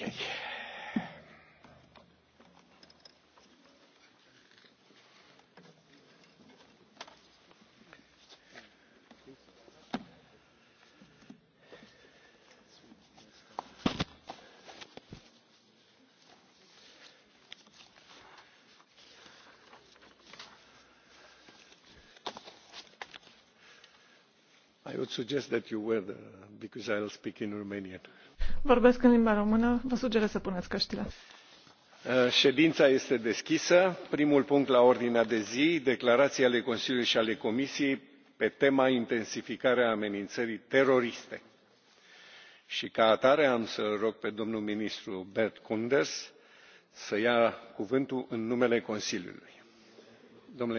Ok. i would suggest that you wear the, uh, because i will speak in romanian vorbesc în limba română vă sugerez să puneți căștile. Uh, ședința este deschisă. primul punct la ordinea de zi declarații ale consiliului și ale comisiei pe tema intensificarea amenințării teroriste și ca atare am să îl rog pe domnul ministru bert koenders să ia cuvântul în numele consiliului.